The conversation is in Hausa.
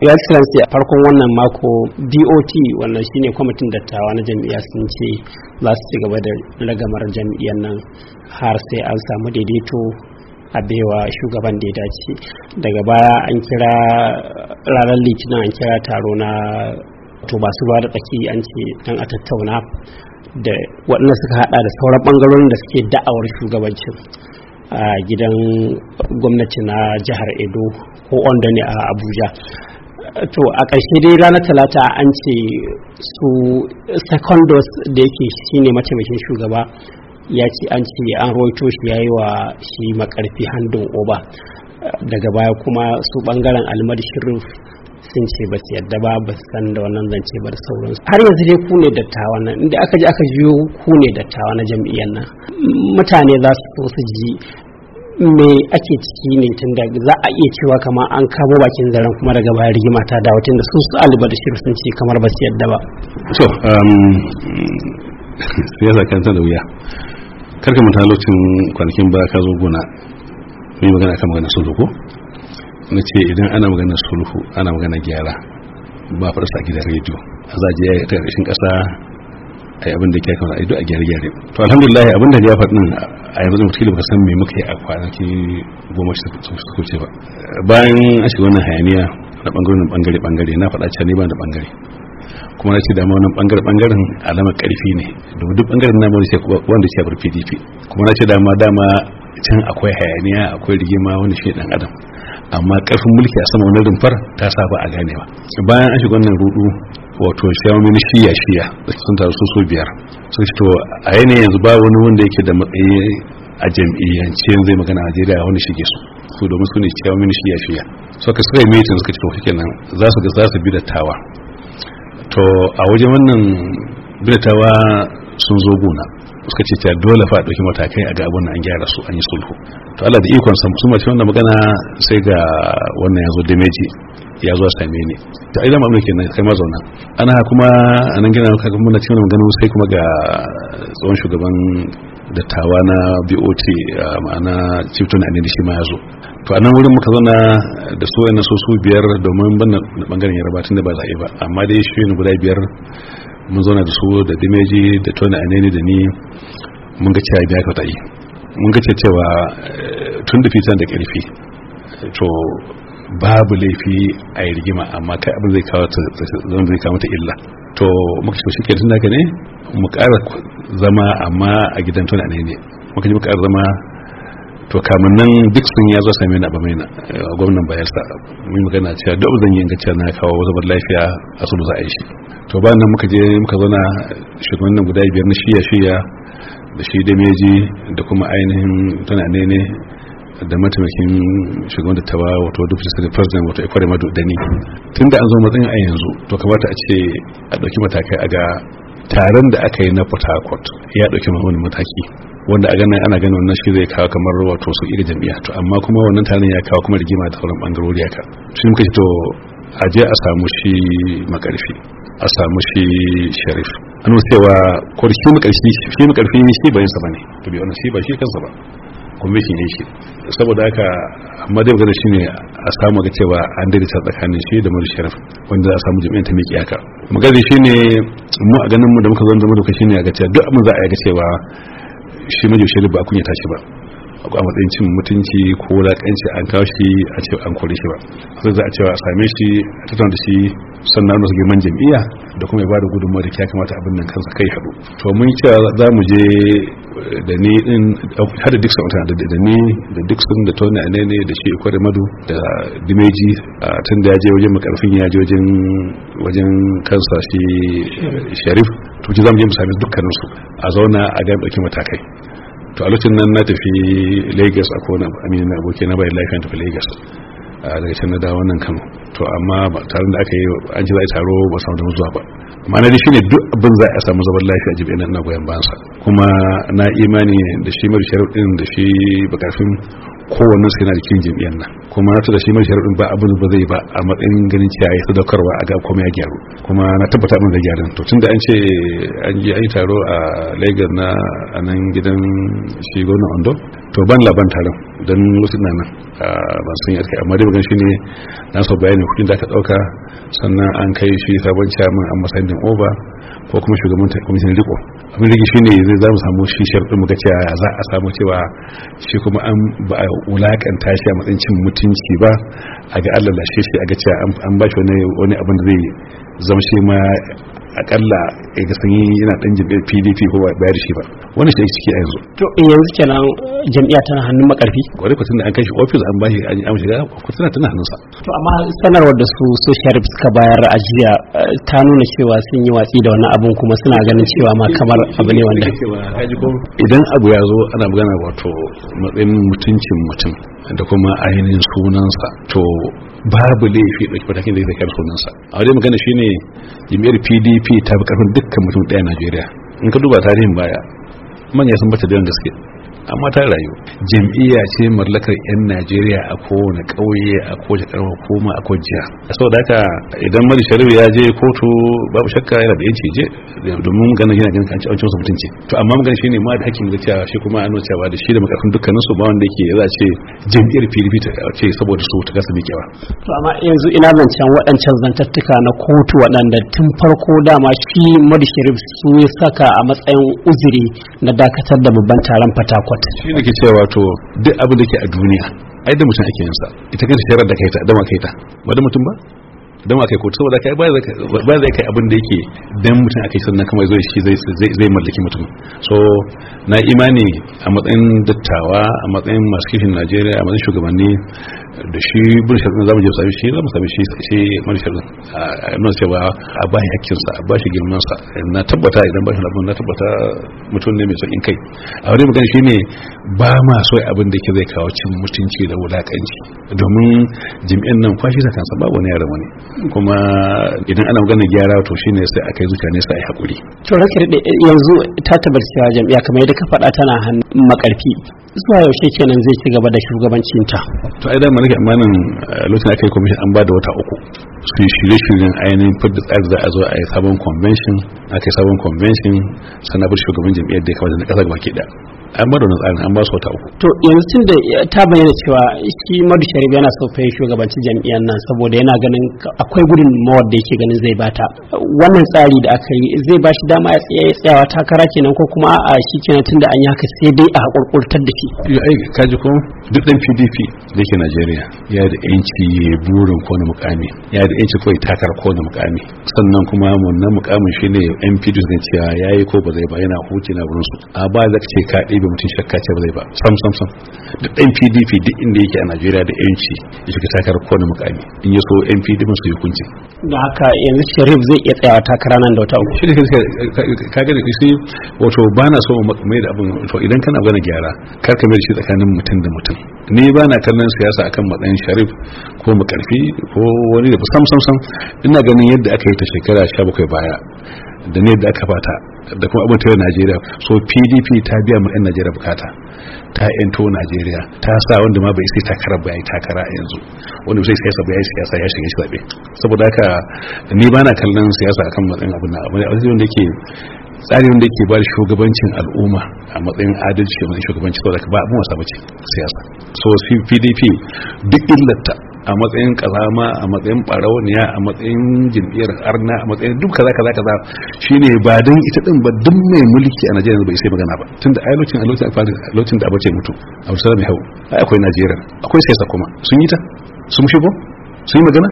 your excellency a farkon wannan mako dot wannan shine kwamitin dattawa na jami'a sun ce za su ci gaba da ragamar jam'iyyar nan har sai an samu daidaito a baiwa shugaban da ya dace daga baya an kira ranar litinin an kira taro na to masu ba da tsaki an ce dan a tattauna da waɗanda suka hada da sauran bangarorin da suke da'awar shugabancin a gidan gwamnati na jihar edo ko onda ne a abuja to a ƙarshe dai ranar talata an ce su secondos da yake shine mataimakin shugaba ya ce an ce an roito shi ya yi wa shi makarfi handin oba daga baya kuma su bangaren almar shirif sun ce ba su yadda ba ba san da wannan zance ba da sauransu har yanzu dai ku ne dattawa nan inda aka ji aka jiyo ku ne dattawa na jam'iyyar nan mutane za su so su ji me ake ciki ne tun da za a iya cewa kamar an kamo bakin zaren kuma daga baya rigima ta dawo tun da su su da sun ce kamar ba su yadda ba so um, siyasa kan ta da wuya karka mutane lokacin kwanakin ba ka zo gona mai magana kan magana sulhu ko na ce idan ana magana sulhu ana magana gyara ba sa gidan rediyo a zaje ya ƙasa a yi abin da ke kamar a duk a gyare-gyare to alhamdulillah abin da ya faɗin a yanzu mutum ba san me muka yi a kwanaki goma shi suka ce ba bayan a shi wannan hayaniya na ɓangaren ɓangare-ɓangare na faɗa cewa ni ba da ɓangare kuma na ce da wannan bangare bangaren alamar karfi ne domin duk bangaren namu wanda ya bar pdp kuma na ce da ma dama can akwai hayaniya akwai rigima wani shi dan adam amma karfin mulki a sama wani rumfar ta saba a ganewa bayan an shiga wannan rudu wato shawomin shiya shiya da sun taru su su biyar sun to a yanayin yanzu ba wani wanda yake da matsayi a jam'iyyance zai magana a jeriya wani shige su su domin su ne shawomin shiya shiya so ka suka yi mitin suka ci to kenan za su ga za su bi da tawa to a wajen wannan bi da tawa sun zo gona suka ce ta dole fa ɗauki matakai a ga na an gyara su an yi sulhu to Allah da ikon sa su mace wannan magana sai ga wannan yazo dameji ya zo same ni to ai da mamu kenan kai ma zauna ana kuma anan gina kaga muna cikin magana sai kuma ga tsohon shugaban dattawa na BOT ma'ana chieftain ne shi ma ya zo to anan wurin muka zauna da su yana so su biyar domin ban bangaren yarba tunda da ba zaɓe ba amma dai shi ne guda biyar mun zauna da su da dimeji da tona aneni da ni mun ga cewa ya ka yi mun ga cewa eh, tun da fitan da ƙarfi to babu laifi a yi rigima amma kai abin zai kawo ta zai kawo ta illa to muka ce shi kenan haka ne mu ƙara zama amma a gidan tuna ne ne muka ji muka ƙara zama to kamun nan duk sun ya zo same na ba na eh, gwamnan bayelsa mun magana cewa duk zan yi ingancin na kawo bar lafiya a su za a yi shi to ba nan muka je muka zauna shugaban nan guda biyar na shiya shiya da shi da meji da kuma ainihin tana ne ne da mataimakin shugaban da ta ba wato deputy secretary president wato ikwari madu da ni tunda an zo matsayin a yanzu to kamata a ce a ɗauki matakai a ga taron da aka yi na port harcourt ya ɗauki wani mataki wanda a ganin ana ganin wannan shi zai kawo kamar wato su iri jami'a to amma kuma wannan taron ya kawo kuma rigima da sauran bangarori haka shi muka ce to a je a samu shi makarfi a samu shi sharif an cewa ko shi makarfi shi makarfi shi bayan sa bane to bi wannan shi ba shi kansa ba kwamishin ya shi saboda haka madai magana shi ne a samu ga cewa an daidaita tsakanin shi da madu Sharaf wanda za a samu jami'an ta miki haka magana shi ne mu a ganin mu da muka zo da muka shi ne a ga cewa duk abin za a yi ga cewa shi majalisar ba a kunyata tashi ba a matsayin cin mutunci ko laƙanci an kawo shi a ce an kore shi ba sai za a cewa a same shi a tattauna da shi sannan nasu girman jam'iyya da kuma ya bada gudunmawa da ya kamata abin nan kansa kai haɗu to mun cewa za mu je da ni din har da dukkan mutane da ni da dukkan da tona ne ne da shi da madu da dimeji tun da ya je wajen makarfin ya je wajen wajen kansa shi sharif to ji za mu je mu sami dukkaninsu a zauna a ga ɗauki matakai to a lokacin nan na tafi lagos a kona amina na aboki na bayan lafiya tafi lagos a ah, daga can na dawo nan kano to amma ba tare da aka yi an ji za a taro ba samu damar zuwa ba ma'ana dai shine duk abin za a samu zaman lafiya jibi ina ina goyon bayansa kuma na imani da shi mai sharar din da shi bakafin kowanne su yana da kin jami'an nan kuma na da shi mai sharar din ba abin ba zai ba a matsayin ganin cewa ya sadaukarwa a ga komai ya gyaru kuma na tabbata min da gyaran to tunda an ce an je ai taro a Lagos na a nan gidan shi gona Ondo to ban laban taron don wasu na nan ah, ban san yadda amma dai ban shi ne na so bayani kudin za ta dauka sannan an kai shi sabon chairman a matsayin oba ko kuma shugaban kwamitin riko abin rigi shine zai za mu samu shi mu ga cewa za a samu cewa shi kuma an ba a wulakanta shi a matsayin cin mutunci ba a ga allah lashe shi a ga cewa an ba shi wani abin da zai zama shi ma akalla ga sun yi yana dan jam'iyyar pdp ko ba bayar shi ba wani shi ciki a yanzu to eh, yanzu kenan jam'iyya tana hannun makarfi gwari kwatin da an kai shi ofis an bashi an amshi da kwatin tana hannunsa to amma sanarwar da su social suka bayar a jiya eh, ta nuna cewa sun yi watsi da wannan abun kuma suna ganin cewa ma kamar abu ne wanda idan abu ya zo ana magana wato matsayin mutuncin mutum da kuma ainihin sunansa to babu laifi ɗauki matakin da zai kai sunansa a wajen magana shine jami'ar pdp tafi ta bi karfin dukkan mutum daya Najeriya in ka duba tarihin baya manya sun bata da yawan gaske amma ta rayu jam'iyya ce mallakar 'yan najeriya a kowane ƙauye a kowace ƙarfa koma a kowace jiha da haka idan mali sharif ya je kotu babu shakka yana da yanci je domin ganin yana ganin an ci abincin mutunci to amma magana shi ne ma da hakim da cewa shi kuma an cewa da shi da makarfin dukkanin su ba wanda yake za a ce jam'iyyar pdp ta ce saboda su ta kasa mikewa to amma yanzu ina zancen waɗancan zantattuka na kotu waɗanda tun farko dama shi mali sharif su saka a matsayin uzuri na dakatar da babban taron fatakwal wata shi ne ke cewa to duk abin da ke a duniya ai da mutum ake yin sa ita kanta sharar da kai ta dama kai ta ba da mutum ba don kai kotu saboda kai ba zai kai abin da yake dan mutum akai sannan kamar zai shi zai mallaki mutum so na imani a matsayin dattawa a matsayin masu kishin Najeriya a matsayin shugabanni da shi bin shirɗin zamu je sami shi zamu sami shi shi mun shirɗin a nuna cewa a ba shi hakkinsa a ba shi girmansa na tabbata idan ba shi abin na tabbata mutum ne mai sauƙin kai a wani magana shine ba ma so abin da yake zai kawo cin mutunci da wulakanci domin jami'an nan kwashi da kansa babu wani yaran wani kuma idan ana magana gyara to shine sai akai zuciya ne sai a yi hakuri to rake yanzu ta tabbata jami'a kamar yadda ka faɗa tana hannu makarfi zuwa yaushe kenan zai ci gaba da shugabancin ta to ai eh, da malaka amanin lokacin aka yi commission an ba da wata uku su shirye-shiryen ainihin fadda tsari za a zo a yi sabon convention a kai sabon convention sannan bar shugaban jam'iyyar da ya kamata na kasa gaba ke da an ba da wani tsarin an ba su wata uku to yanzu tun da eh, ta bayyana cewa shi madu sharif yana so fa shugabancin jam'iyyar nan saboda yana ganin akwai gudun mawar da yake ganin zai bata wannan tsari da aka yi zai ba shi dama ya tsayawa takara kenan ko kuma a shi kenan tun da an yi haka sai dai a hakurkurtar da shi kaji ko duk dan pdp da ke najeriya ya da yanci ya burin kowane mukami ya da yanci kawai takar kowane mukami sannan kuma wannan mukamin shi ne yan pdp zai cewa ya yi ko ba zai ba yana huce na burinsu a ba za ce ka ɗebe mutum shakka ce ba zai ba sam sam sam duk dan pdp duk inda yake a najeriya da yanci ya shiga takar kowane mukami in ya so yan pdp su yi kunci don haka yanzu sharif zai iya tsayawa takara nan da wata uku shi ne ka gani wato ba na so mai da abin to idan kan abu na gyara kar ka mai shi tsakanin mutum da mutum ni ba na kallon siyasa akan matsayin sharif ko makarfi ko wani da sam sam sam ina ganin yadda aka yi ta shekara 17 baya da ne da aka fata da kuma abin tare Najeriya so PDP ta biya mu 'yan Najeriya bukata ta 'yanto Najeriya ta sa wanda ma bai sai takara ba yi takara a yanzu wanda sai siyasa ba yi siyasa ya shiga shi zabe saboda haka ni ba na kallon siyasa akan matsayin abin na abin da yake tsari wanda ke ba da shugabancin al'umma a matsayin adalci a matsayin shugabanci saboda ba abin wasa bace siyasa so pdp duk illata a matsayin kazama a matsayin barawaniya a matsayin jam'iyyar arna a matsayin duk kaza kaza kaza shine ba dan ita din ba duk mai mulki a Najeriya bai sai magana ba tunda ai lokacin lokacin da abace mutu Abu Sallam ya hau ai akwai Najeriya akwai siyasa kuma sun yi ta sun shigo sun yi magana